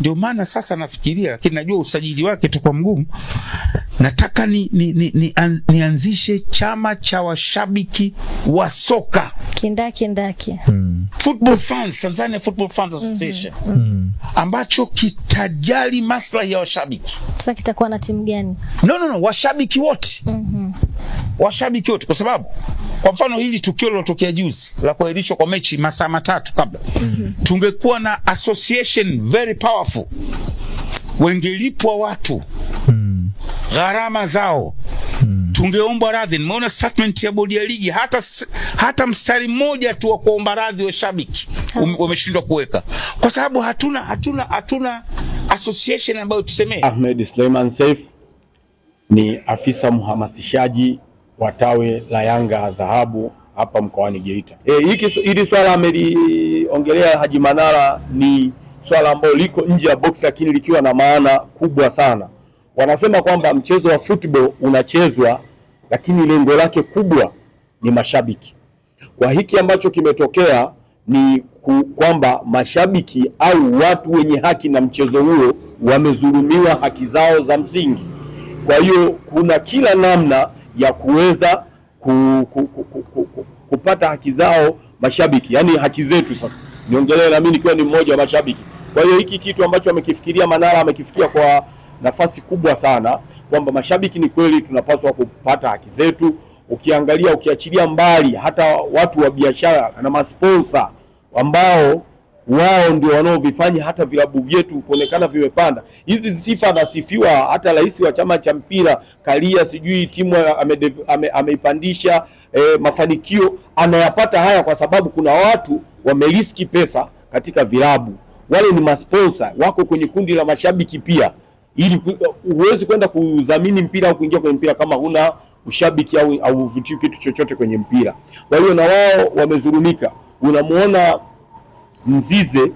Ndio maana sasa nafikiria, lakini najua usajili wake utakuwa mgumu. Nataka ni, ni, ni, ni an, nianzishe chama cha washabiki wa soka ndaki hmm. Football fans, Tanzania Football Fans mhm. Association mm -hmm. mm. ambacho kitajali maslahi ya washabiki. Sasa kitakuwa na timu gani? No, no, no, washabiki wote mm washabiki wote, kwa sababu kwa mfano hili tukio lilotokea juzi la kuahirishwa kwa mechi masaa matatu kabla mm -hmm. tungekuwa na association very powerful, wengelipwa watu mm. gharama zao mm. tungeomba radhi. Nimeona statement ya bodi ya ligi, hata, hata mstari mmoja tu wa kuomba radhi washabiki ah. wameshindwa kuweka kwa sababu hatuna, hatuna, hatuna association ambayo tusemee. Ahmed Suleiman Saif ni afisa mhamasishaji wa tawi la Yanga dhahabu hapa mkoani Geita. E, hili swala ameliongelea Haji Manara ni swala ambalo liko nje ya box, lakini likiwa na maana kubwa sana. Wanasema kwamba mchezo wa football unachezwa, lakini lengo lake kubwa ni mashabiki. Kwa hiki ambacho kimetokea ni kwamba mashabiki au watu wenye haki na mchezo huo wamezulumiwa haki zao za msingi. Kwa hiyo kuna kila namna ya kuweza ku, ku, ku, ku, ku, ku, kupata haki zao mashabiki, yaani haki zetu sasa. Niongelee na mimi nikiwa ni mmoja wa mashabiki. Kwa hiyo hiki kitu ambacho amekifikiria Manara amekifikia kwa nafasi kubwa sana, kwamba mashabiki ni kweli tunapaswa kupata haki zetu. Ukiangalia ukiachilia mbali hata watu wa biashara na masponsa ambao wao ndio wanaovifanya hata vilabu vyetu kuonekana vimepanda. Hizi sifa anasifiwa hata rais wa chama cha mpira Kalia, sijui timu ameipandisha, ame, eh, ame e, mafanikio anayapata haya kwa sababu kuna watu wameriski pesa katika vilabu. Wale ni masponsa wako kwenye kundi la mashabiki pia, ili huwezi kwenda kudhamini mpira au kuingia kwenye mpira kama huna ushabiki au hauvutii kitu chochote kwenye mpira. Kwa hiyo na wao wamezurumika, unamuona Mzize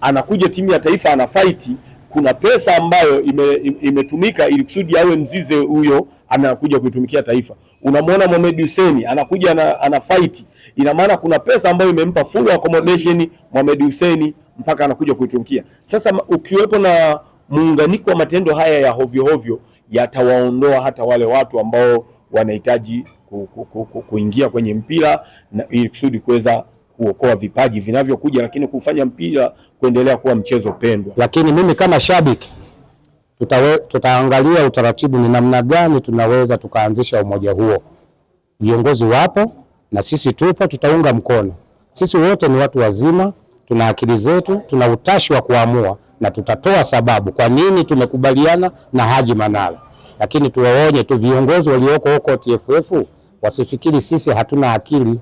anakuja timu ya taifa anafaiti, kuna pesa ambayo ime, imetumika ili kusudi awe Mzize huyo anakuja kuitumikia taifa. Unamwona Mohamed Hussein anakuja ana, fight, ina maana kuna pesa ambayo imempa full accommodation Mohamed Hussein mpaka anakuja kuitumikia. Sasa ukiwepo na muunganiko wa matendo haya ya hovyo hovyo yatawaondoa hata wale watu ambao wanahitaji ku, ku, ku, ku, kuingia kwenye mpira na ili kusudi kuweza kuokoa vipaji vinavyokuja, lakini kufanya mpira kuendelea kuwa mchezo pendwa. Lakini mimi kama shabiki tutawe, tutaangalia utaratibu ni namna gani tunaweza tukaanzisha umoja huo. Viongozi wapo na sisi tupo, tutaunga mkono. Sisi wote ni watu wazima, tuna akili zetu, tuna utashi wa kuamua na tutatoa sababu kwa nini tumekubaliana na Haji Manara. Lakini tuwaonye tu viongozi walioko huko TFF wasifikiri sisi hatuna akili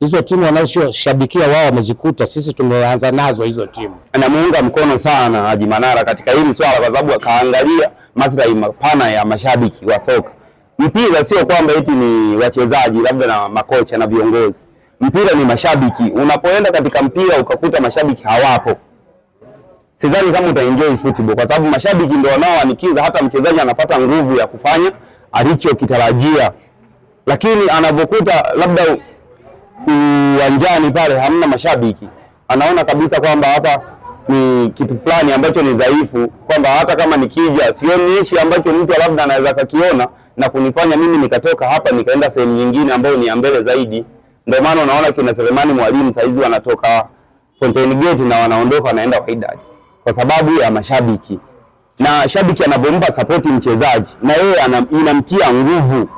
hizo timu wanazoshabikia wao wamezikuta, sisi tumeanza nazo hizo timu. Namuunga mkono sana Haji Manara katika hili swala, kwa sababu akaangalia maslahi mapana ya mashabiki wa soka. Mpira sio kwamba eti ni wachezaji labda na makocha na viongozi, mpira ni mashabiki. Unapoenda katika mpira ukakuta mashabiki hawapo, sidhani kama utaenjoy football, kwa sababu mashabiki ndio wanaoanikiza. Hata mchezaji anapata nguvu ya kufanya alichokitarajia, lakini anapokuta labda uwanjani pale hamna mashabiki, anaona kabisa kwamba hapa ni kitu fulani ambacho ni dhaifu, kwamba hata kama nikija sionyeshi ambacho mtu labda anaweza kakiona na kunifanya mimi nikatoka hapa nikaenda sehemu nyingine ambayo ni ya mbele zaidi. Ndio maana unaona kina Selemani Mwalimu saizi wanatoka Fountain Gate na wanaondoka wanaenda Wydad kwa sababu ya mashabiki, na shabiki anapompa sapoti mchezaji na yeye inamtia nguvu.